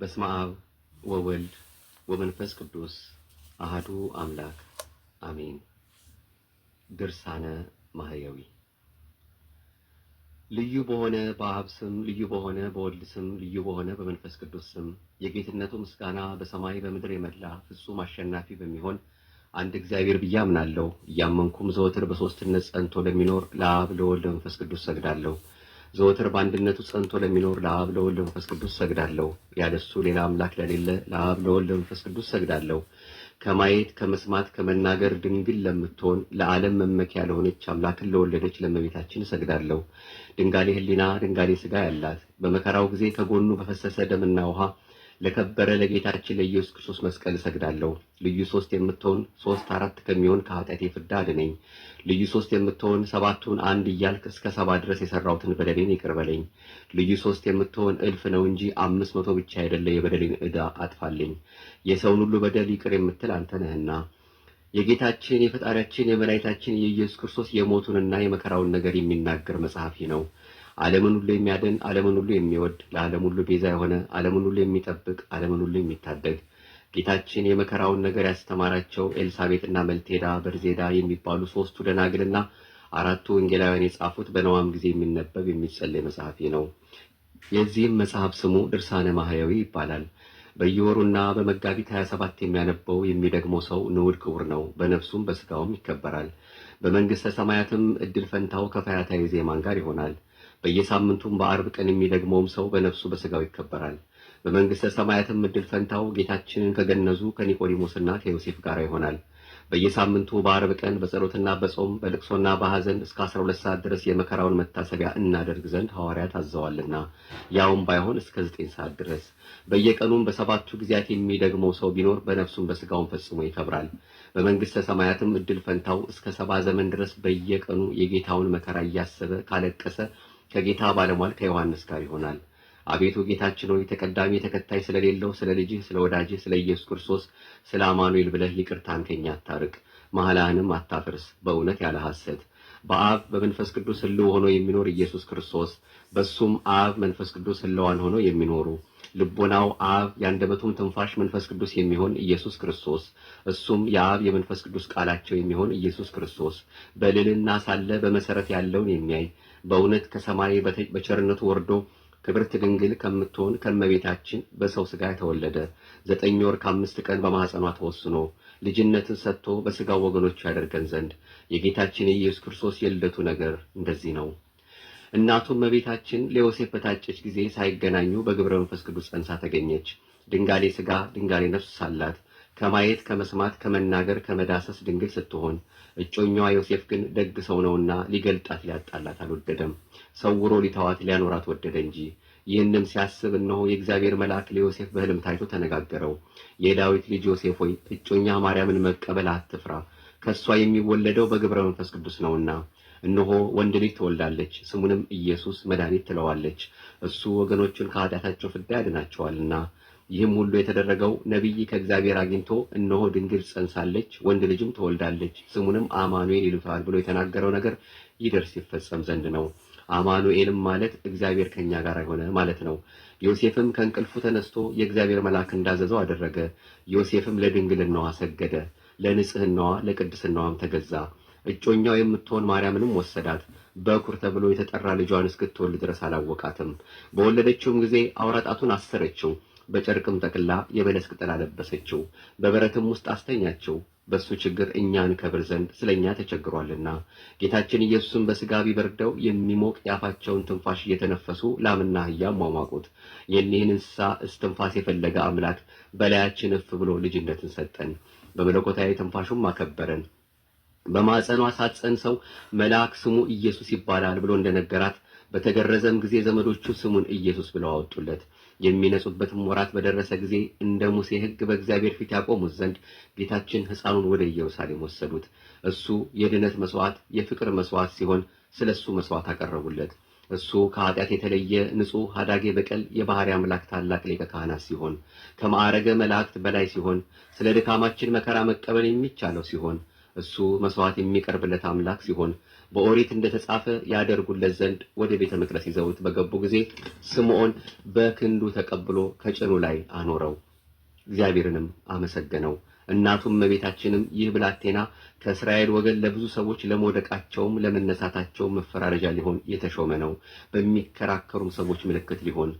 በስመ አብ ወወልድ ወመንፈስ ቅዱስ አህዱ አምላክ አሜን። ድርሳነ ማህየዊ ልዩ በሆነ በአብ ስም ልዩ በሆነ በወልድ ስም ልዩ በሆነ በመንፈስ ቅዱስ ስም የጌትነቱ ምስጋና በሰማይ በምድር የመላ ፍጹም አሸናፊ በሚሆን አንድ እግዚአብሔር ብዬ አምናለሁ። እያመንኩም ዘወትር በሶስትነት ጸንቶ ለሚኖር ለአብ ለወልድ ለመንፈስ ቅዱስ ሰግዳለሁ። ዘወትር በአንድነቱ ጸንቶ ለሚኖር ለአብ ለወልድ መንፈስ ቅዱስ ሰግዳለሁ። ያለሱ ሌላ አምላክ ለሌለ ለአብ ለወልድ መንፈስ ቅዱስ ሰግዳለሁ። ከማየት ከመስማት ከመናገር ድንግል ለምትሆን ለዓለም መመኪያ ለሆነች አምላክን ለወለደች ለመቤታችን እሰግዳለሁ። ድንጋሌ ሕሊና ድንጋሌ ሥጋ ያላት በመከራው ጊዜ ከጎኑ በፈሰሰ ደምና ውሃ ለከበረ ለጌታችን ለኢየሱስ ክርስቶስ መስቀል እሰግዳለሁ። ልዩ ሶስት የምትሆን ሶስት አራት ከሚሆን ከኃጢአቴ ፍዳ አድነኝ። ልዩ ሶስት የምትሆን ሰባቱን አንድ እያልክ እስከ ሰባ ድረስ የሰራሁትን በደሌን ይቅር በለኝ። ልዩ ሶስት የምትሆን እልፍ ነው እንጂ አምስት መቶ ብቻ አይደለ የበደሌን ዕዳ አጥፋልኝ። የሰውን ሁሉ በደል ይቅር የምትል አንተ ነህና የጌታችን የፈጣሪያችን የመድኃኒታችን የኢየሱስ ክርስቶስ የሞቱንና የመከራውን ነገር የሚናገር መጽሐፊ ነው። ዓለምን ሁሉ የሚያድን ዓለምን ሁሉ የሚወድ ለዓለም ሁሉ ቤዛ የሆነ ዓለምን ሁሉ የሚጠብቅ ዓለምን ሁሉ የሚታደግ ጌታችን የመከራውን ነገር ያስተማራቸው ኤልሳቤጥና መልቴዳ በርዜዳ የሚባሉ ሶስቱ ደናግልና አራቱ ወንጌላውያን የጻፉት በነዋም ጊዜ የሚነበብ የሚጸለይ መጽሐፊ ነው። የዚህም መጽሐፍ ስሙ ድርሳነ ማህያዊ ይባላል። በየወሩና በመጋቢት 27 የሚያነበው የሚደግመው ሰው ንዑድ ክቡር ነው፣ በነፍሱም በስጋውም ይከበራል። በመንግሥተ ሰማያትም እድል ፈንታው ከፈያታዊ ዜማን ጋር ይሆናል። በየሳምንቱም በአርብ ቀን የሚደግመውም ሰው በነፍሱ በስጋው ይከበራል። በመንግሥተ ሰማያትም እድል ፈንታው ጌታችንን ከገነዙ ከኒቆዲሞስና ከዮሴፍ ጋር ይሆናል። በየሳምንቱ በአርብ ቀን በጸሎትና በጾም በልቅሶና በሐዘን እስከ 12 ሰዓት ድረስ የመከራውን መታሰቢያ እናደርግ ዘንድ ሐዋርያት አዘዋልና ያውም ባይሆን እስከ 9 ሰዓት ድረስ። በየቀኑም በሰባቱ ጊዜያት የሚደግመው ሰው ቢኖር በነፍሱም በስጋውን ፈጽሞ ይከብራል። በመንግሥተ ሰማያትም እድል ፈንታው እስከ ሰባ ዘመን ድረስ በየቀኑ የጌታውን መከራ እያሰበ ካለቀሰ ከጌታ ባለሟል ከዮሐንስ ጋር ይሆናል። አቤቱ ጌታችን ሆይ ተቀዳሚ ተከታይ ስለሌለው ስለ ልጅህ ስለ ወዳጅህ ስለ ኢየሱስ ክርስቶስ ስለ አማኑኤል ብለህ ይቅርታን ከኛ አታርቅ፣ መሐላህንም አታፍርስ። በእውነት ያለ ሐሰት በአብ በመንፈስ ቅዱስ ሕልው ሆኖ የሚኖር ኢየሱስ ክርስቶስ በሱም አብ መንፈስ ቅዱስ ሕልዋን ሆኖ የሚኖሩ ልቦናው አብ የአንደበቱም ትንፋሽ መንፈስ ቅዱስ የሚሆን ኢየሱስ ክርስቶስ እሱም የአብ የመንፈስ ቅዱስ ቃላቸው የሚሆን ኢየሱስ ክርስቶስ በልልና ሳለ በመሰረት ያለውን የሚያይ በእውነት ከሰማይ በቸርነቱ ወርዶ ክብርት ድንግል ከምትሆን ከመቤታችን በሰው ስጋ የተወለደ ዘጠኝ ወር ከአምስት ቀን በማኅፀኗ ተወስኖ ልጅነትን ሰጥቶ በስጋው ወገኖች ያደርገን ዘንድ የጌታችን የኢየሱስ ክርስቶስ የልደቱ ነገር እንደዚህ ነው። እናቱ እመቤታችን ለዮሴፍ በታጨች ጊዜ ሳይገናኙ በግብረ መንፈስ ቅዱስ ጸንሳ ተገኘች። ድንጋሌ ስጋ ድንጋሌ ነፍስ ሳላት ከማየት ከመስማት ከመናገር ከመዳሰስ ድንግል ስትሆን እጮኛዋ ዮሴፍ ግን ደግ ሰው ነውና ሊገልጣት ሊያጣላት አልወደደም። ሰውሮ ሊተዋት ሊያኖራት ወደደ እንጂ። ይህንም ሲያስብ እነሆ የእግዚአብሔር መልአክ ለዮሴፍ በሕልም ታይቶ ተነጋገረው። የዳዊት ልጅ ዮሴፍ ሆይ እጮኛ ማርያምን መቀበል አትፍራ፣ ከእሷ የሚወለደው በግብረ መንፈስ ቅዱስ ነውና እነሆ ወንድ ልጅ ትወልዳለች፣ ስሙንም ኢየሱስ መድኃኒት ትለዋለች። እሱ ወገኖቹን ከኃጢአታቸው ፍዳ ያድናቸዋልና ይህም ሁሉ የተደረገው ነቢይ ከእግዚአብሔር አግኝቶ እነሆ ድንግል ጸንሳለች፣ ወንድ ልጅም ትወልዳለች፣ ስሙንም አማኑኤል ይሉታል ብሎ የተናገረው ነገር ይደርስ ይፈጸም ዘንድ ነው። አማኑኤልም ማለት እግዚአብሔር ከኛ ጋር የሆነ ማለት ነው። ዮሴፍም ከእንቅልፉ ተነስቶ የእግዚአብሔር መልአክ እንዳዘዘው አደረገ። ዮሴፍም ለድንግልናዋ ሰገደ፣ ለንጽህናዋ ለቅድስናዋም ተገዛ። እጮኛው የምትሆን ማርያምንም ወሰዳት። በኩር ተብሎ የተጠራ ልጇን እስክትወልድ ድረስ አላወቃትም። በወለደችውም ጊዜ አውራጣቱን አሰረችው። በጨርቅም ጠቅላ የበለስ ቅጠል አለበሰችው፣ በበረትም ውስጥ አስተኛቸው። በእሱ ችግር እኛን ከብር ዘንድ ስለ እኛ ተቸግሯልና። ጌታችን ኢየሱስን በስጋ ቢበርደው የሚሞቅ የአፋቸውን ትንፋሽ እየተነፈሱ ላምና አህያ ሟሟቁት። የኒህን እንስሳ እስትንፋስ የፈለገ አምላክ በላያችን እፍ ብሎ ልጅነትን ሰጠን፣ በመለኮታዊ ትንፋሹም አከበረን። በማፀኗ ሳትጸንሰው መልአክ ስሙ ኢየሱስ ይባላል ብሎ እንደነገራት በተገረዘም ጊዜ ዘመዶቹ ስሙን ኢየሱስ ብለው አወጡለት። የሚነጹበትም ወራት በደረሰ ጊዜ እንደ ሙሴ ሕግ በእግዚአብሔር ፊት ያቆሙት ዘንድ ጌታችን ሕፃኑን ወደ ኢየሩሳሌም ወሰዱት። እሱ የድነት መስዋዕት፣ የፍቅር መስዋዕት ሲሆን ስለ እሱ መስዋዕት አቀረቡለት። እሱ ከኃጢአት የተለየ ንጹሕ አዳጌ በቀል የባሕርይ አምላክ ታላቅ ሊቀ ካህናት ሲሆን ከማዕረገ መላእክት በላይ ሲሆን ስለ ድካማችን መከራ መቀበል የሚቻለው ሲሆን እሱ መስዋዕት የሚቀርብለት አምላክ ሲሆን በኦሪት እንደተጻፈ ያደርጉለት ዘንድ ወደ ቤተ መቅደስ ይዘውት በገቡ ጊዜ ስምዖን በክንዱ ተቀብሎ ከጭኑ ላይ አኖረው፣ እግዚአብሔርንም አመሰገነው። እናቱም እመቤታችንም ይህ ብላቴና ከእስራኤል ወገን ለብዙ ሰዎች ለመውደቃቸውም ለመነሳታቸውም መፈራረጃ ሊሆን የተሾመ ነው፣ በሚከራከሩም ሰዎች ምልክት ሊሆን፣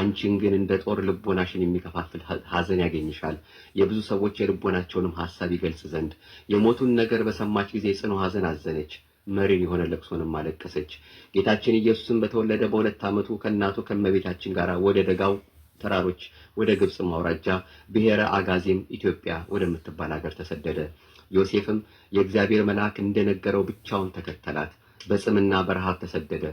አንቺን ግን እንደ ጦር ልቦናሽን የሚከፋፍል ሐዘን ያገኝሻል፣ የብዙ ሰዎች የልቦናቸውንም ሐሳብ ይገልጽ ዘንድ የሞቱን ነገር በሰማች ጊዜ ጽኑ ሐዘን አዘነች። መሪር የሆነ ለቅሶንም አለቀሰች። ጌታችን ኢየሱስም በተወለደ በሁለት ዓመቱ ከእናቱ ከመቤታችን ጋር ወደ ደጋው ተራሮች ወደ ግብፅ ማውራጃ ብሔረ አጋዜም ኢትዮጵያ ወደምትባል ሀገር ተሰደደ። ዮሴፍም የእግዚአብሔር መልአክ እንደነገረው ብቻውን ተከተላት። በጽምና በረሃብ ተሰደደ።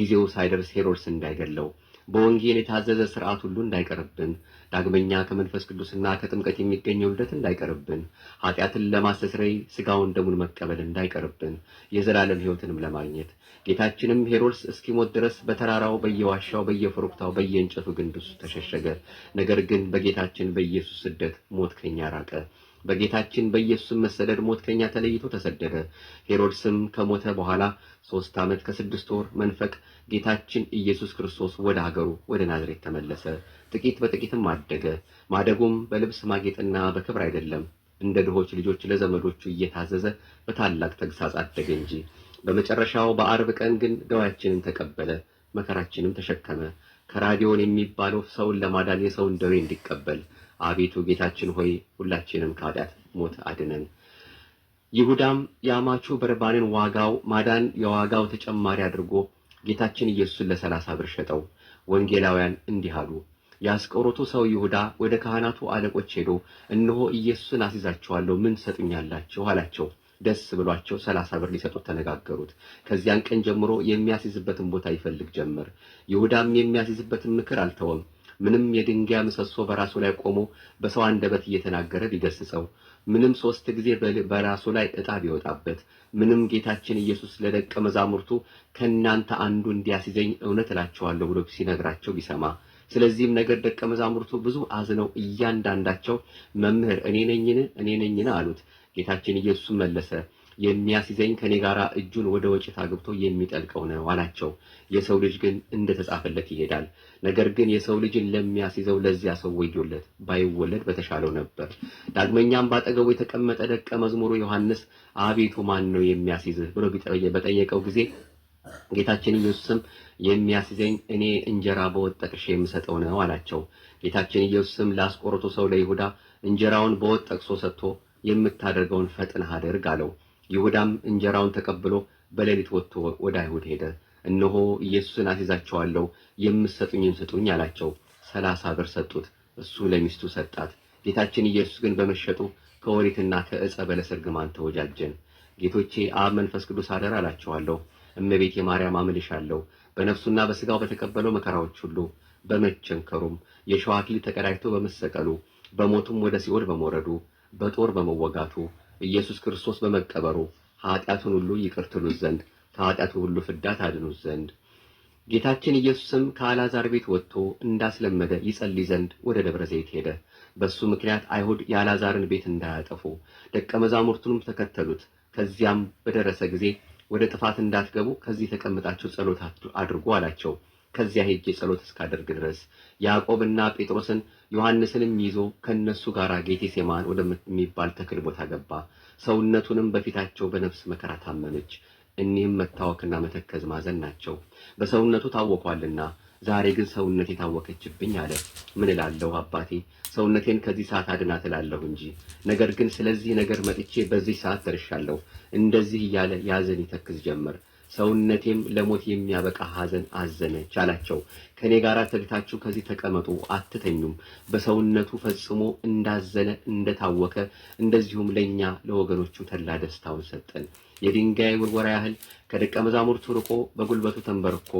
ጊዜው ሳይደርስ ሄሮድስ እንዳይገለው በወንጌል የታዘዘ ስርዓት ሁሉ እንዳይቀርብን፣ ዳግመኛ ከመንፈስ ቅዱስና ከጥምቀት የሚገኘው ልደት እንዳይቀርብን፣ ኃጢአትን ለማስተስረይ ስጋውን ደሙን መቀበል እንዳይቀርብን፣ የዘላለም ህይወትንም ለማግኘት ጌታችንም ሄሮድስ እስኪሞት ድረስ በተራራው በየዋሻው በየኮረብታው በየእንጨቱ ግንድ ውስጥ ተሸሸገ። ነገር ግን በጌታችን በኢየሱስ ስደት ሞት ከኛ ራቀ። በጌታችን በኢየሱስም መሰደድ ሞት ከኛ ተለይቶ ተሰደደ። ሄሮድስም ከሞተ በኋላ ሶስት ዓመት ከስድስት ወር መንፈቅ ጌታችን ኢየሱስ ክርስቶስ ወደ ሀገሩ ወደ ናዝሬት ተመለሰ። ጥቂት በጥቂትም አደገ። ማደጉም በልብስ ማጌጥና በክብር አይደለም፣ እንደ ድሆች ልጆች ለዘመዶቹ እየታዘዘ በታላቅ ተግሳጽ አደገ እንጂ። በመጨረሻው በአርብ ቀን ግን ደዋያችንን ተቀበለ፣ መከራችንም ተሸከመ። ከራዲዮን የሚባለው ሰውን ለማዳን የሰውን ደዌ እንዲቀበል አቤቱ ጌታችን ሆይ ሁላችንም ከኃጢአት ሞት አድነን። ይሁዳም የአማቹ በርባንን ዋጋው ማዳን የዋጋው ተጨማሪ አድርጎ ጌታችን ኢየሱስን ለሰላሳ ብር ሸጠው። ወንጌላውያን እንዲህ አሉ። የአስቆሮቱ ሰው ይሁዳ ወደ ካህናቱ አለቆች ሄዶ እነሆ ኢየሱስን አስይዛችኋለሁ፣ ምን ትሰጡኛላችሁ? አላቸው። ደስ ብሏቸው ሰላሳ ብር ሊሰጡት ተነጋገሩት። ከዚያን ቀን ጀምሮ የሚያስይዝበትን ቦታ ይፈልግ ጀመር። ይሁዳም የሚያስይዝበትን ምክር አልተወም። ምንም የድንጋይ ምሰሶ በራሱ ላይ ቆሞ በሰው አንደበት እየተናገረ ቢገስጸው፣ ምንም ሶስት ጊዜ በራሱ ላይ ዕጣ ቢወጣበት፣ ምንም ጌታችን ኢየሱስ ለደቀ መዛሙርቱ ከእናንተ አንዱ እንዲያስይዘኝ እውነት እላቸዋለሁ ብሎ ሲነግራቸው ቢሰማ ስለዚህም ነገር ደቀ መዛሙርቱ ብዙ አዝነው እያንዳንዳቸው መምህር እኔ ነኝን እኔ ነኝን አሉት። ጌታችን ኢየሱስ መለሰ የሚያስይዘኝ ከኔ ጋር እጁን ወደ ወጭት አግብቶ የሚጠልቀው ነው አላቸው። የሰው ልጅ ግን እንደተጻፈለት ይሄዳል። ነገር ግን የሰው ልጅን ለሚያስይዘው ለዚያ ሰው ወዮለት፣ ባይወለድ በተሻለው ነበር። ዳግመኛም ባጠገቡ የተቀመጠ ደቀ መዝሙሩ ዮሐንስ አቤቱ ማን ነው የሚያስይዝህ ብሎ በጠየቀው ጊዜ ጌታችን ኢየሱስም የሚያስይዘኝ እኔ እንጀራ በወጥ ጠቅሼ የምሰጠው ነው አላቸው። ጌታችን ኢየሱስም ለአስቆሮቱ ሰው ለይሁዳ እንጀራውን በወጥ ጠቅሶ ሰጥቶ የምታደርገውን ፈጥነህ አድርግ አለው። ይሁዳም እንጀራውን ተቀብሎ በሌሊት ወጥቶ ወደ አይሁድ ሄደ። እነሆ ኢየሱስን አስይዛቸዋለሁ፣ የምትሰጡኝን ስጡኝ አላቸው። ሰላሳ ብር ሰጡት፣ እሱ ለሚስቱ ሰጣት። ጌታችን ኢየሱስ ግን በመሸጡ ከወሪትና ከእፀ በለስ እርግማን ተወጃጀን። ጌቶቼ አብ መንፈስ ቅዱስ አደራ አላቸዋለሁ። እመቤት የማርያም አምልሻለሁ። በነፍሱና በሥጋው በተቀበለው መከራዎች ሁሉ በመቸንከሩም የሸዋ አክሊል ተቀዳጅቶ በመሰቀሉ በሞቱም ወደ ሲኦል በመውረዱ በጦር በመወጋቱ ኢየሱስ ክርስቶስ በመቀበሩ ኃጢአቱን ሁሉ ይቅር ዘንድ ከኃጢአቱ ሁሉ ፍዳት አድኑ ዘንድ ጌታችን ኢየሱስም ከአልዓዛር ቤት ወጥቶ እንዳስለመደ ይጸልይ ዘንድ ወደ ደብረ ዘይት ሄደ። በሱ ምክንያት አይሁድ የአልዓዛርን ቤት እንዳያጠፉ ደቀ መዛሙርቱንም ተከተሉት። ከዚያም በደረሰ ጊዜ ወደ ጥፋት እንዳትገቡ ከዚህ ተቀምጣችሁ ጸሎት አድርጉ አላቸው። ከዚያ ሄጄ ጸሎት እስካደርግ ድረስ ያዕቆብና ጴጥሮስን ዮሐንስንም ይዞ ከነሱ ጋር ጌቴሴማን ወደሚባል ተክል ቦታ ገባ። ሰውነቱንም በፊታቸው በነፍስ መከራ ታመነች። እኒህም መታወክና መተከዝ ማዘን ናቸው። በሰውነቱ ታወኳልና ዛሬ ግን ሰውነቴ ታወከችብኝ አለ። ምን እላለሁ አባቴ? ሰውነቴን ከዚህ ሰዓት አድናት እላለሁ እንጂ። ነገር ግን ስለዚህ ነገር መጥቼ በዚህ ሰዓት ደርሻለሁ። እንደዚህ እያለ ያዘን ይተክዝ ጀመር። ሰውነቴም ለሞት የሚያበቃ ሐዘን አዘነች አላቸው። ከእኔ ጋር ተግታችሁ ከዚህ ተቀመጡ፣ አትተኙም። በሰውነቱ ፈጽሞ እንዳዘነ እንደታወከ እንደዚሁም ለእኛ ለወገኖቹ ተድላ ደስታውን ሰጠን። የድንጋይ ውርወራ ያህል ከደቀ መዛሙርቱ ርቆ በጉልበቱ ተንበርኮ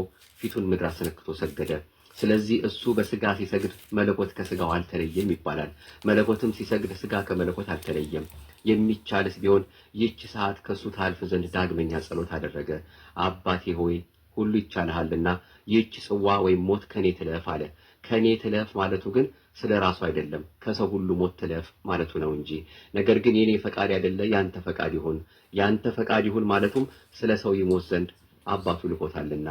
ፊቱን ምድር አስነክቶ ሰገደ። ስለዚህ እሱ በስጋ ሲሰግድ መለኮት ከስጋው አልተለየም ይባላል። መለኮትም ሲሰግድ ስጋ ከመለኮት አልተለየም። የሚቻልስ ቢሆን ይህች ሰዓት ከእሱ ታልፍ ዘንድ ዳግመኛ ጸሎት አደረገ። አባቴ ሆይ ሁሉ ይቻልሃልና ይህች ጽዋ ወይም ሞት ከኔ ትለፍ አለ። ከኔ ትለፍ ማለቱ ግን ስለ ራሱ አይደለም፣ ከሰው ሁሉ ሞት ትለፍ ማለቱ ነው እንጂ። ነገር ግን የኔ ፈቃድ አይደለ ያንተ ፈቃድ ይሁን። ያንተ ፈቃድ ይሁን ማለቱም ስለ ሰው ይሞት ዘንድ አባቱ ልኮታልና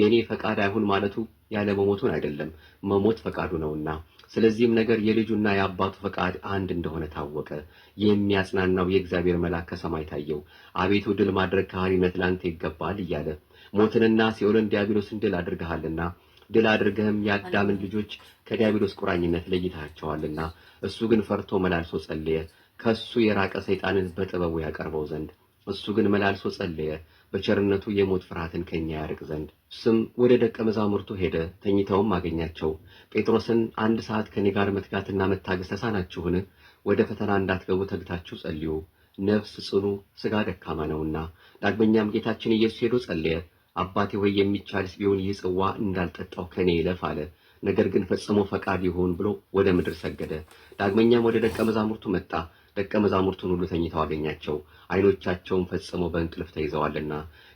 የኔ ፈቃድ አይሁን ማለቱ ያለ መሞቱን አይደለም፣ መሞት ፈቃዱ ነውና። ስለዚህም ነገር የልጁና የአባቱ ፈቃድ አንድ እንደሆነ ታወቀ። የሚያጽናናው የእግዚአብሔር መልአክ ከሰማይ ታየው። አቤቱ ድል ማድረግ ካህሪነት ላንተ ይገባል እያለ ሞትንና ሲኦልን ዲያብሎስን ድል አድርገሃልና ድል አድርገህም የአዳምን ልጆች ከዲያብሎስ ቁራኝነት ለይታቸዋልና። እሱ ግን ፈርቶ መላልሶ ጸለየ፣ ከሱ የራቀ ሰይጣንን በጥበቡ ያቀርበው ዘንድ። እሱ ግን መላልሶ ጸለየ በቸርነቱ የሞት ፍርሃትን ከኛ ያርቅ ዘንድ እሱም ወደ ደቀ መዛሙርቱ ሄደ፣ ተኝተውም አገኛቸው። ጴጥሮስን አንድ ሰዓት ከኔ ጋር መትጋትና መታገስ ተሳናችሁን? ወደ ፈተና እንዳትገቡ ተግታችሁ ጸልዩ፣ ነፍስ ጽኑ፣ ሥጋ ደካማ ነውና። ዳግመኛም ጌታችን ኢየሱስ ሄዶ ጸለየ። አባቴ ሆይ የሚቻልስ ቢሆን ይህ ጽዋ እንዳልጠጣው ከኔ ይለፍ አለ። ነገር ግን ፈጽሞ ፈቃድ ይሁን ብሎ ወደ ምድር ሰገደ። ዳግመኛም ወደ ደቀ መዛሙርቱ መጣ። ደቀ መዛሙርቱን ሁሉ ተኝተው አገኛቸው፣ ዓይኖቻቸውን ፈጽመው በእንቅልፍ ተይዘዋልና።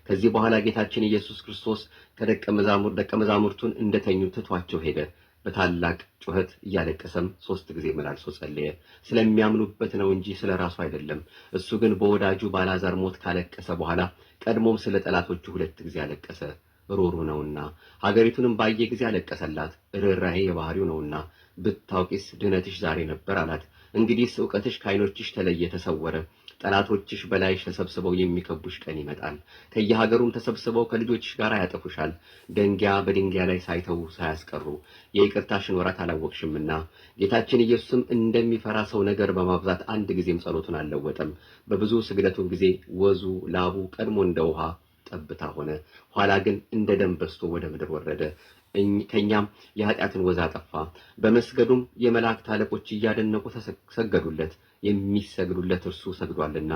ከዚህ በኋላ ጌታችን ኢየሱስ ክርስቶስ ከደቀ መዛሙር ደቀ መዛሙርቱን እንደተኙ ትቷቸው ሄደ። በታላቅ ጩኸት እያለቀሰም ሶስት ጊዜ መላልሶ ጸለየ። ስለሚያምኑበት ነው እንጂ ስለ ራሱ አይደለም። እሱ ግን በወዳጁ ባላዛር ሞት ካለቀሰ በኋላ ቀድሞም ስለ ጠላቶቹ ሁለት ጊዜ አለቀሰ። ሮሩ ነውና ሀገሪቱንም ባየ ጊዜ አለቀሰላት። ርኅራሄ የባህሪው ነውና ብታውቂስ ድኅነትሽ ዛሬ ነበር አላት። እንግዲህስ እውቀትሽ ከዓይኖችሽ ተለየ ተሰወረ። ጠላቶችሽ በላይሽ ተሰብስበው የሚከቡሽ ቀን ይመጣል። ከየሀገሩም ተሰብስበው ከልጆችሽ ጋር ያጠፉሻል። ደንጊያ በድንጊያ ላይ ሳይተው ሳያስቀሩ የይቅርታሽን ወራት አላወቅሽምና ጌታችን ኢየሱስም እንደሚፈራ ሰው ነገር በማብዛት አንድ ጊዜም ጸሎቱን አልለወጠም። በብዙ ስግደቱን ጊዜ ወዙ ላቡ ቀድሞ እንደ ውሃ ጠብታ ሆነ፣ ኋላ ግን እንደ ደም በዝቶ ወደ ምድር ወረደ። ከእኛም የኃጢአትን ወዛ አጠፋ። በመስገዱም የመላእክት አለቆች እያደነቁ ሰገዱለት፣ የሚሰግዱለት እርሱ ሰግዷልና።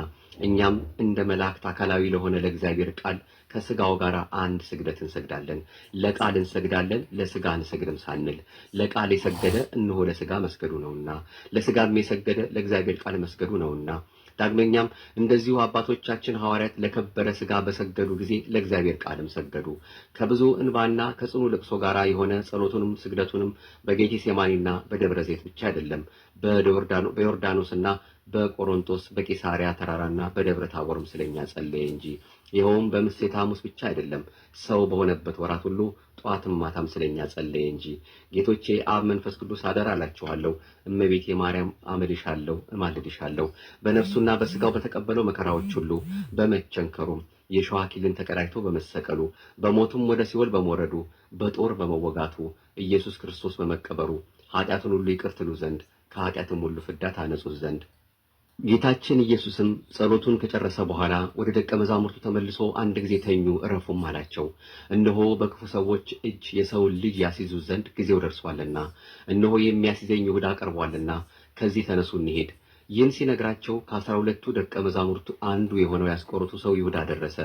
እኛም እንደ መላእክት አካላዊ ለሆነ ለእግዚአብሔር ቃል ከስጋው ጋር አንድ ስግደት እንሰግዳለን። ለቃል እንሰግዳለን፣ ለስጋ አንሰግድም ሳንል፣ ለቃል የሰገደ እንሆ ለስጋ መስገዱ ነውና፣ ለስጋም የሰገደ ለእግዚአብሔር ቃል መስገዱ ነውና ዳግመኛም እንደዚሁ አባቶቻችን ሐዋርያት ለከበረ ሥጋ በሰገዱ ጊዜ ለእግዚአብሔር ቃልም ሰገዱ። ከብዙ እንባና ከጽኑ ልቅሶ ጋር የሆነ ጸሎቱንም ስግደቱንም በጌቴሴማኒና በደብረ ዘይት ብቻ አይደለም፣ በዮርዳኖስና በቆሮንቶስ በቂሳሪያ ተራራና በደብረ ታቦርም ስለኛ ጸለየ እንጂ ይኸውም በምሴተ ሐሙስ ብቻ አይደለም፣ ሰው በሆነበት ወራት ሁሉ ጠዋትም ማታም ስለኛ ጸለየ እንጂ። ጌቶቼ አብ መንፈስ ቅዱስ አደራ አላችኋለሁ፣ እመቤቴ ማርያም አምልሻለሁ፣ እማልድሻለሁ በነፍሱና በስጋው በተቀበለው መከራዎች ሁሉ በመቸንከሩም የሸዋኪልን ኪልን ተቀዳጅቶ በመሰቀሉ በሞቱም ወደ ሲኦል በመውረዱ በጦር በመወጋቱ ኢየሱስ ክርስቶስ በመቀበሩ ኃጢአቱን ሁሉ ይቅርትሉ ዘንድ ከኃጢአትም ሁሉ ፍዳ ታነጹት ዘንድ ጌታችን ኢየሱስም ጸሎቱን ከጨረሰ በኋላ ወደ ደቀ መዛሙርቱ ተመልሶ አንድ ጊዜ ተኙ እረፉም አላቸው። እነሆ በክፉ ሰዎች እጅ የሰውን ልጅ ያስይዙ ዘንድ ጊዜው ደርሷልና፣ እነሆ የሚያስይዘኝ ይሁዳ ቀርቧልና፣ ከዚህ ተነሱ እንሄድ ይህን ሲነግራቸው ከአስራ ሁለቱ ደቀ መዛሙርቱ አንዱ የሆነው ያስቆሮቱ ሰው ይሁዳ ደረሰ።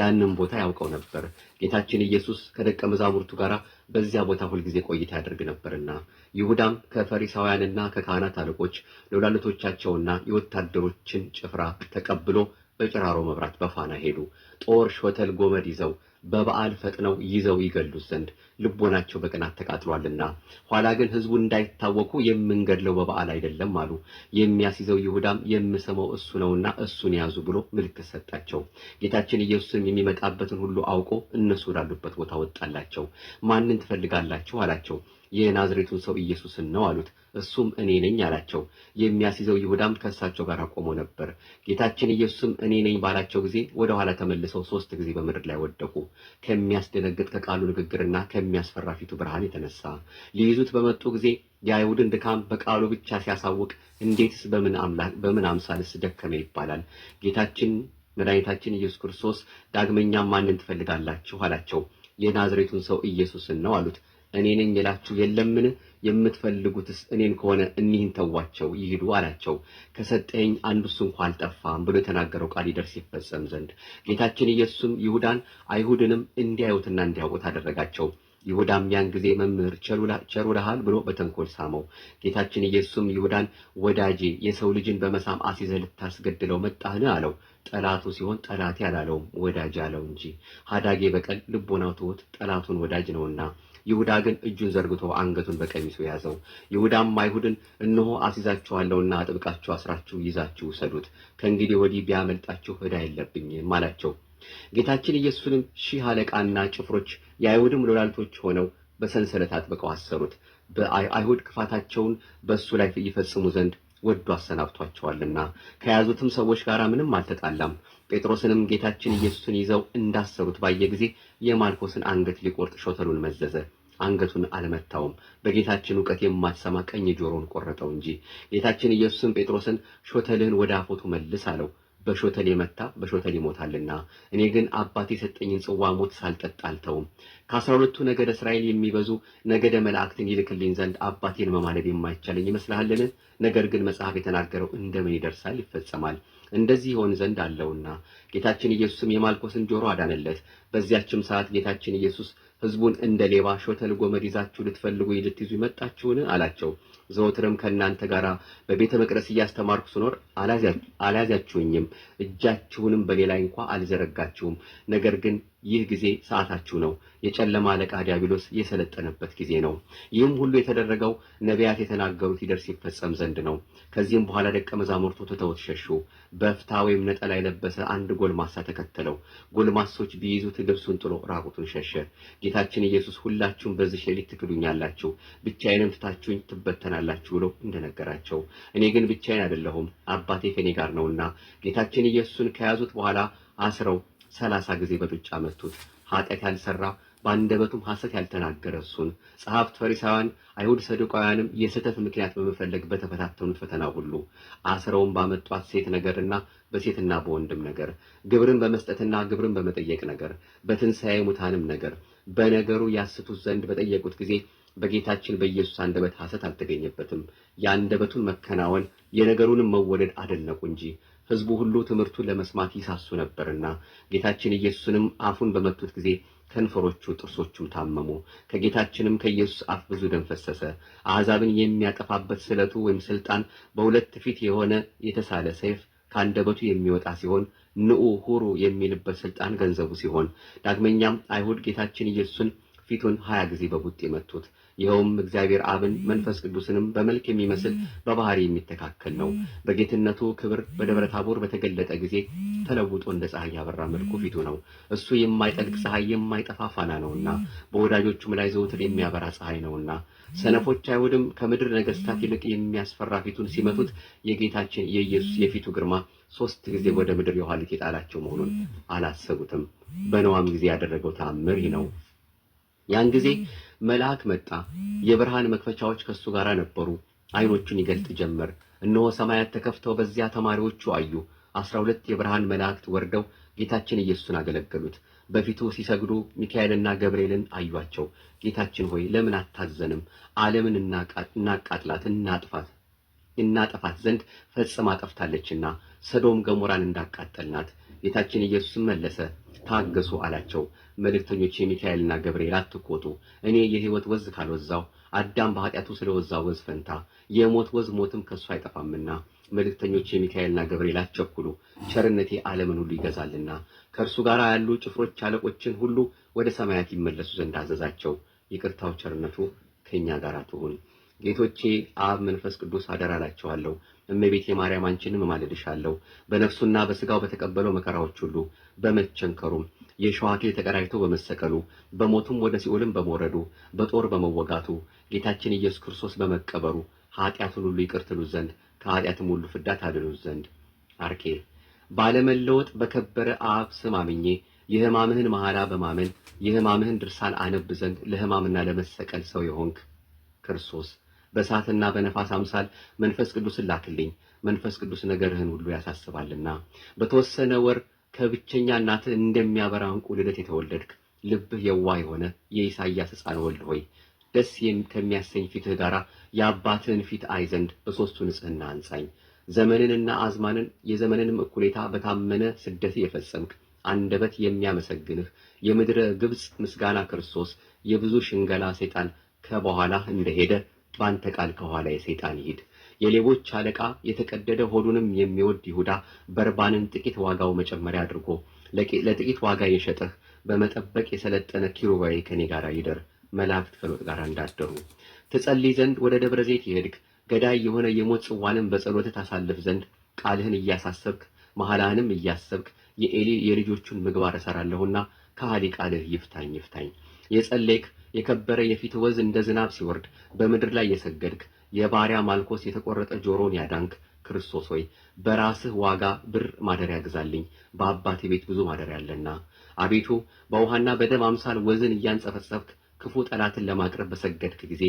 ያንም ቦታ ያውቀው ነበር፣ ጌታችን ኢየሱስ ከደቀ መዛሙርቱ ጋር በዚያ ቦታ ሁልጊዜ ቆይታ ያደርግ ነበርና። ይሁዳም ከፈሪሳውያንና ከካህናት አለቆች ለወላለቶቻቸውና የወታደሮችን ጭፍራ ተቀብሎ በጭራሮ መብራት በፋና ሄዱ። ጦር፣ ሾተል፣ ጎመድ ይዘው በበዓል ፈጥነው ይዘው ይገሉት ዘንድ ልቦናቸው በቅናት ተቃጥሏልና፣ ኋላ ግን ህዝቡ እንዳይታወቁ የምንገድለው በበዓል አይደለም አሉ። የሚያስይዘው ይሁዳም የምሰማው እሱ ነውና እሱን ያዙ ብሎ ምልክት ሰጣቸው። ጌታችን ኢየሱስም የሚመጣበትን ሁሉ አውቆ እነሱ ወዳሉበት ቦታ ወጣላቸው። ማንን ትፈልጋላችሁ አላቸው። የናዝሬቱን ሰው ኢየሱስን ነው አሉት። እሱም እኔ ነኝ አላቸው። የሚያስይዘው ይሁዳም ከእሳቸው ጋር ቆሞ ነበር። ጌታችን ኢየሱስም እኔ ነኝ ባላቸው ጊዜ ወደ ኋላ ተመልሰው ሶስት ጊዜ በምድር ላይ ወደቁ። ከሚያስደነግጥ ከቃሉ ንግግርና ከሚያስፈራ ፊቱ ብርሃን የተነሳ ሊይዙት በመጡ ጊዜ የአይሁድን ድካም በቃሉ ብቻ ሲያሳውቅ እንዴትስ በምን በምን አምሳልስ ደከመ ይባላል? ጌታችን መድኃኒታችን ኢየሱስ ክርስቶስ ዳግመኛ ማንን ትፈልጋላችሁ አላቸው። የናዝሬቱን ሰው ኢየሱስን ነው አሉት። እኔ ነኝ የላችሁ የለምን? የምትፈልጉትስ እኔን ከሆነ እኒህን ተዋቸው ይሂዱ አላቸው። ከሰጠኝ አንዱ እንኳ አልጠፋም ብሎ የተናገረው ቃል ይደርስ ይፈጸም ዘንድ ጌታችን ኢየሱስም ይሁዳን አይሁድንም እንዲያዩትና እንዲያውቁት አደረጋቸው። ይሁዳም ያን ጊዜ መምህር ቸር ውለሃል ብሎ በተንኮል ሳመው። ጌታችን ኢየሱስም ይሁዳን ወዳጄ የሰው ልጅን በመሳም አስይዘህ ልታስገድለው መጣህን? አለው። ጠላቱ ሲሆን ጠላቴ አላለውም ወዳጅ አለው እንጂ ሀዳጌ በቀል ልቦናው ትሁት ጠላቱን ወዳጅ ነውና ይሁዳ ግን እጁን ዘርግቶ አንገቱን በቀሚሱ ያዘው። ይሁዳም አይሁድን እነሆ አስይዛችኋለሁና አጥብቃችሁ አስራችሁ ይዛችሁ ሰዱት፣ ከእንግዲህ ወዲህ ቢያመልጣችሁ ዕዳ የለብኝም አላቸው። ጌታችን ኢየሱስንም ሺህ አለቃና ጭፍሮች የአይሁድም ሎላልቶች ሆነው በሰንሰለት አጥብቀው አሰሩት። በአይሁድ ክፋታቸውን በእሱ ላይ ይፈጽሙ ዘንድ ወዶ አሰናብቷቸዋልና ከያዙትም ሰዎች ጋር ምንም አልተጣላም። ጴጥሮስንም ጌታችን ኢየሱስን ይዘው እንዳሰሩት ባየ ጊዜ የማልኮስን አንገት ሊቆርጥ ሾተሉን መዘዘ። አንገቱን አልመታውም፣ በጌታችን እውቀት የማትሰማ ቀኝ ጆሮውን ቆረጠው እንጂ። ጌታችን ኢየሱስን ጴጥሮስን ሾተልህን ወደ አፎቱ መልስ አለው። በሾተል የመታ በሾተል ይሞታልና እኔ ግን አባቴ የሰጠኝን ጽዋ ሞት ሳልጠጣ አልተውም። ከአስራ ሁለቱ ነገደ እስራኤል የሚበዙ ነገደ መላእክትን ይልክልኝ ዘንድ አባቴን መማለድ የማይቻለኝ ይመስልሃልን? ነገር ግን መጽሐፍ የተናገረው እንደምን ይደርሳል ይፈጸማል፣ እንደዚህ ይሆን ዘንድ አለውና። ጌታችን ኢየሱስም የማልኮስን ጆሮ አዳነለት። በዚያችም ሰዓት ጌታችን ኢየሱስ ሕዝቡን እንደ ሌባ ሾተል ጎመድ ይዛችሁ ልትፈልጉ ልትይዙ ይመጣችሁን አላቸው። ዘወትርም ከእናንተ ጋር በቤተ መቅደስ እያስተማርኩ ስኖር አልያዛችሁኝም፣ እጃችሁንም በሌላ እንኳ አልዘረጋችሁም። ነገር ግን ይህ ጊዜ ሰዓታችሁ ነው። የጨለማ አለቃ ዲያብሎስ የሰለጠነበት ጊዜ ነው። ይህም ሁሉ የተደረገው ነቢያት የተናገሩት ይደርስ ይፈጸም ዘንድ ነው። ከዚህም በኋላ ደቀ መዛሙርቱ ትተውት ሸሹ። በፍታ ወይም ነጠላ የለበሰ አንድ ጎልማሳ ተከተለው። ጎልማሶች ቢይዙት ልብሱን ጥሎ ራቁቱን ሸሸ። ጌታችን ኢየሱስ ሁላችሁም በዚህ ሌሊት ትክዱኛላችሁ፣ ብቻዬንም ትታችሁኝ ትበተናላችሁ ብሎ እንደነገራቸው እኔ ግን ብቻዬን አይደለሁም አባቴ ከኔ ጋር ነውና ጌታችን ኢየሱስን ከያዙት በኋላ አስረው ሰላሳ ጊዜ በጡጫ መቱት። ኃጢአት ያልሰራ በአንደበቱም ሐሰት ያልተናገረ እሱን ጸሐፍት ፈሪሳውያን፣ አይሁድ ሰዱቃውያንም የስህተት ምክንያት በመፈለግ በተፈታተኑት ፈተና ሁሉ አስረውን ባመጧት ሴት ነገርና በሴትና በወንድም ነገር ግብርን በመስጠትና ግብርን በመጠየቅ ነገር በትንሣኤ ሙታንም ነገር በነገሩ ያስቱት ዘንድ በጠየቁት ጊዜ በጌታችን በኢየሱስ አንደበት ሐሰት አልተገኘበትም። የአንደበቱን መከናወን የነገሩንም መወደድ አደነቁ እንጂ ሕዝቡ ሁሉ ትምህርቱን ለመስማት ይሳሱ ነበርና ጌታችን ኢየሱስንም አፉን በመቱት ጊዜ ከንፈሮቹ ጥርሶቹም ታመሙ። ከጌታችንም ከኢየሱስ አፍ ብዙ ደም ፈሰሰ። አሕዛብን የሚያጠፋበት ስለቱ ወይም ስልጣን በሁለት ፊት የሆነ የተሳለ ሰይፍ ከአንደበቱ የሚወጣ ሲሆን ንዑ ሁሩ የሚልበት ስልጣን ገንዘቡ ሲሆን፣ ዳግመኛም አይሁድ ጌታችን ኢየሱስን ፊቱን ሀያ ጊዜ በቡጤ መቱት። ይኸውም እግዚአብሔር አብን መንፈስ ቅዱስንም በመልክ የሚመስል በባህሪ የሚተካከል ነው። በጌትነቱ ክብር በደብረ ታቦር በተገለጠ ጊዜ ተለውጦ እንደ ፀሐይ ያበራ መልኩ ፊቱ ነው። እሱ የማይጠልቅ ፀሐይ የማይጠፋ ፋና ነውና በወዳጆቹም ላይ ዘውትር የሚያበራ ፀሐይ ነውና ሰነፎች አይሁድም ከምድር ነገስታት ይልቅ የሚያስፈራ ፊቱን ሲመቱት የጌታችን የኢየሱስ የፊቱ ግርማ ሶስት ጊዜ ወደ ምድር የኋሊት የጣላቸው መሆኑን አላሰቡትም። በነዋም ጊዜ ያደረገው ተአምር ነው። ያን ጊዜ መልአክ መጣ፣ የብርሃን መክፈቻዎች ከሱ ጋር ነበሩ፣ አይኖቹን ይገልጥ ጀመር። እነሆ ሰማያት ተከፍተው በዚያ ተማሪዎቹ አዩ። አስራ ሁለት የብርሃን መላእክት ወርደው ጌታችን ኢየሱስን አገለገሉት። በፊቱ ሲሰግዱ ሚካኤልና ገብርኤልን አዩአቸው። ጌታችን ሆይ ለምን አታዘንም? ዓለምን እናቃጥላት፣ እናጥፋት እናጠፋት ዘንድ ፈጽማ ጠፍታለችና ሰዶም ገሞራን እንዳቃጠልናት። ጌታችን ኢየሱስም መለሰ፣ ታገሱ አላቸው። መልእክተኞች የሚካኤልና ገብርኤል አትቆጡ፣ እኔ የህይወት ወዝ ካልወዛው አዳም በኃጢአቱ ስለወዛ ወዝ ፈንታ የሞት ወዝ ሞትም ከሱ አይጠፋምና መልእክተኞች የሚካኤልና ገብርኤል አትቸኩሉ፣ ቸርነቴ ዓለምን ሁሉ ይገዛልና ከእርሱ ጋር ያሉ ጭፍሮች አለቆችን ሁሉ ወደ ሰማያት ይመለሱ ዘንድ አዘዛቸው። ይቅርታው ቸርነቱ ከእኛ ጋር ትሁን። ጌቶቼ አብ መንፈስ ቅዱስ አደራ እላችኋለሁ እመቤቴ ማርያም አንቺንም እማልድሻለሁ በነፍሱና በስጋው በተቀበለው መከራዎች ሁሉ በመቸንከሩም የሸዋኬ ተቀዳጅቶ በመሰቀሉ በሞቱም ወደ ሲኦልም በመውረዱ በጦር በመወጋቱ ጌታችን ኢየሱስ ክርስቶስ በመቀበሩ ኃጢአቱን ሁሉ ይቅር ዘንድ ከኃጢአትም ሁሉ ፍዳ ታድኑት ዘንድ አርኬ ባለመለወጥ በከበረ አብ ስም አምኜ የሕማምህን መሐላ በማመን የሕማምህን ድርሳን አነብ ዘንድ ለሕማምና ለመሰቀል ሰው የሆንክ ክርስቶስ በእሳትና በነፋስ አምሳል መንፈስ ቅዱስን ላክልኝ። መንፈስ ቅዱስ ነገርህን ሁሉ ያሳስባልና በተወሰነ ወር ከብቸኛ እናት እንደሚያበራ እንቁ ልደት የተወለድክ ልብህ የዋህ የሆነ የኢሳያስ ሕፃን ወልድ ሆይ ደስ ከሚያሰኝ ፊትህ ጋር የአባትህን ፊት አይ ዘንድ በሦስቱ ንጽህና አንጻኝ። ዘመንንና አዝማንን የዘመንንም እኩሌታ በታመነ ስደት የፈጸምክ አንደበት የሚያመሰግንህ የምድረ ግብፅ ምስጋና ክርስቶስ የብዙ ሽንገላ ሰይጣን ከበኋላ እንደሄደ በአንተ ቃል ከኋላ የሰይጣን ይሂድ። የሌቦች አለቃ የተቀደደ ሆዱንም የሚወድ ይሁዳ በርባንን ጥቂት ዋጋው መጨመሪያ አድርጎ ለጥቂት ዋጋ የሸጠህ በመጠበቅ የሰለጠነ ኪሩባዊ ከኔ ጋር ይደር። መላእክት ከሎጥ ጋር እንዳደሩ ትጸልይ ዘንድ ወደ ደብረ ዘይት ይሄድክ ገዳይ የሆነ የሞት ጽዋንም በጸሎት ታሳልፍ ዘንድ ቃልህን እያሳሰብክ መሐላህንም እያሰብክ የኤሊ የልጆቹን ምግባር እሰራለሁና ከሃሊ ቃልህ ይፍታኝ ይፍታኝ የጸለይክ የከበረ የፊት ወዝ እንደ ዝናብ ሲወርድ በምድር ላይ የሰገድክ የባሪያ ማልኮስ የተቆረጠ ጆሮን ያዳንክ ክርስቶስ ሆይ በራስህ ዋጋ ብር ማደሪያ ግዛልኝ፣ በአባቴ ቤት ብዙ ማደሪያ አለና። አቤቱ በውሃና በደም አምሳል ወዝን እያንጸፈጸፍክ ክፉ ጠላትን ለማቅረብ በሰገድክ ጊዜ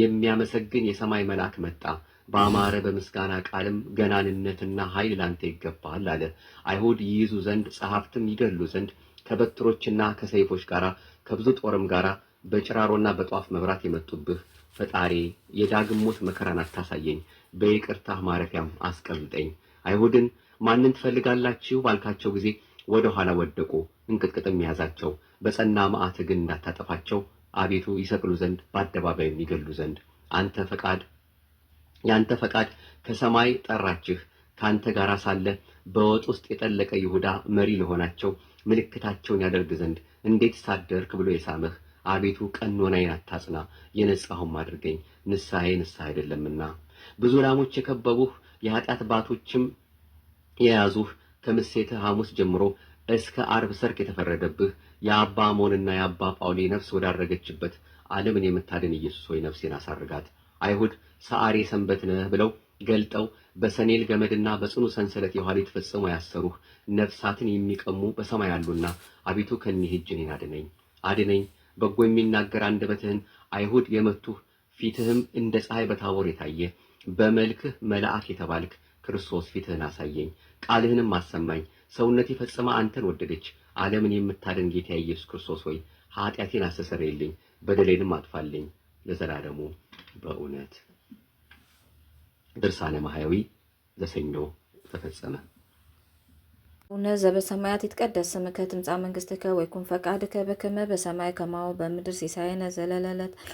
የሚያመሰግን የሰማይ መልአክ መጣ። በአማረ በምስጋና ቃልም ገናንነትና ኃይል ላንተ ይገባል አለ። አይሁድ ይይዙ ዘንድ ጸሐፍትም ይገሉ ዘንድ ከበትሮችና ከሰይፎች ጋር ከብዙ ጦርም ጋር በጭራሮና በጧፍ መብራት የመጡብህ ፈጣሪ የዳግም ሞት መከራን አታሳየኝ፣ በይቅርታህ ማረፊያም አስቀምጠኝ። አይሁድን ማንን ትፈልጋላችሁ ባልካቸው ጊዜ ወደ ኋላ ወደቁ፣ እንቅጥቅጥም ያዛቸው። በጸና መዓት ግን እንዳታጠፋቸው አቤቱ ይሰቅሉ ዘንድ በአደባባይም ይገሉ ዘንድ አንተ ፈቃድ ያንተ ፈቃድ ከሰማይ ጠራችህ። ከአንተ ጋር ሳለ በወጥ ውስጥ የጠለቀ ይሁዳ መሪ ለሆናቸው ምልክታቸውን ያደርግ ዘንድ እንዴት ሳደርክ ብሎ የሳመህ አቤቱ ቀኖናዬን አታጽና፣ የነጻሁም አድርገኝ። ንስሐዬ ንስሐ አይደለምና ብዙ ላሞች የከበቡህ የኃጢአት ባቶችም የያዙህ ከምሴተ ሐሙስ ጀምሮ እስከ አርብ ሰርክ የተፈረደብህ የአባ አሞንና የአባ ጳውሌ ነፍስ ወዳረገችበት ዓለምን የምታድን ኢየሱስ ሆይ ነፍሴን አሳርጋት። አይሁድ ሰዓሬ ሰንበት ነህ ብለው ገልጠው በሰኔል ገመድና በጽኑ ሰንሰለት የኋሊት ፈጽሞ ያሰሩህ ነፍሳትን የሚቀሙ በሰማይ አሉና አቤቱ ከኒህ እጅ አድነኝ አድነኝ። በጎ የሚናገር አንደበትህን አይሁድ የመቱህ ፊትህም እንደ ፀሐይ በታቦር የታየ በመልክህ መልአክ የተባልክ ክርስቶስ ፊትህን አሳየኝ፣ ቃልህንም አሰማኝ። ሰውነቴ ፈጽማ አንተን ወደደች። ዓለምን የምታደን ጌታ ኢየሱስ ክርስቶስ ሆይ ኃጢአቴን አስተሰርይልኝ፣ በደሌንም አጥፋልኝ ለዘላለሙ በእውነት። ድርሳነ ማህያዊ ዘሰኞ ተፈጸመ። ቡነ ዘበሰማያት ይትቀደስ ስምከ ትምጻእ መንግሥትከ ወይኩን ፈቃድከ በከመ በሰማይ ከማሁ በምድር ሲሳየነ ዘለለዕለትነ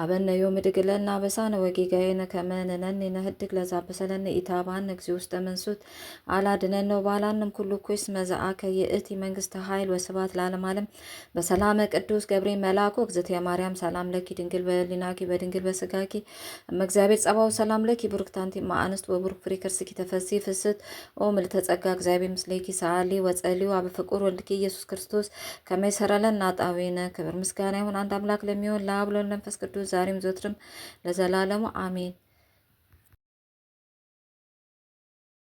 ሀበነ ዮም ኅድግ ለነ አበሳነ ወጌጋየነ ከመ ንሕነኒ ንኅድግ ለዘአበሰለነ ኢታብአነ እግዚእ ውስተ መንሱት አላድኅነነ ወባልሐንም ኩሉ ኩስ መዝአከ ይእቲ መንግሥተ ኃይል ወስብሐት ለዓለመ ዓለም በሰላመ ቅዱስ ገብርኤል መልአኩ እግዝእትየ ማርያም ሰላም ለኪ ድንግል በህሊናኪ በድንግል በሥጋኪ እም እግዚአብሔር ሰላም ለኪ ቡርክት አንቲ እም አንስት ወቡርክ ፍሬ ከርስኪ ተፈሥሒ ፍስሕት ኦ ምልዕተ ጸጋ እግዚአብሔር ምስሌኪ ሰአሊ ወጸሊው አብ ፍቁር ወልድኪ ኢየሱስ ክርስቶስ ከመይሰረ ለነ ኃጣውኢነ ክብር ምስጋና ይሁን አንድ አምላክ ለሚሆን ለአብ ለወልድ ለመንፈስ ቅዱስ ዛሬም ዘወትርም ለዘላለሙ አሜን።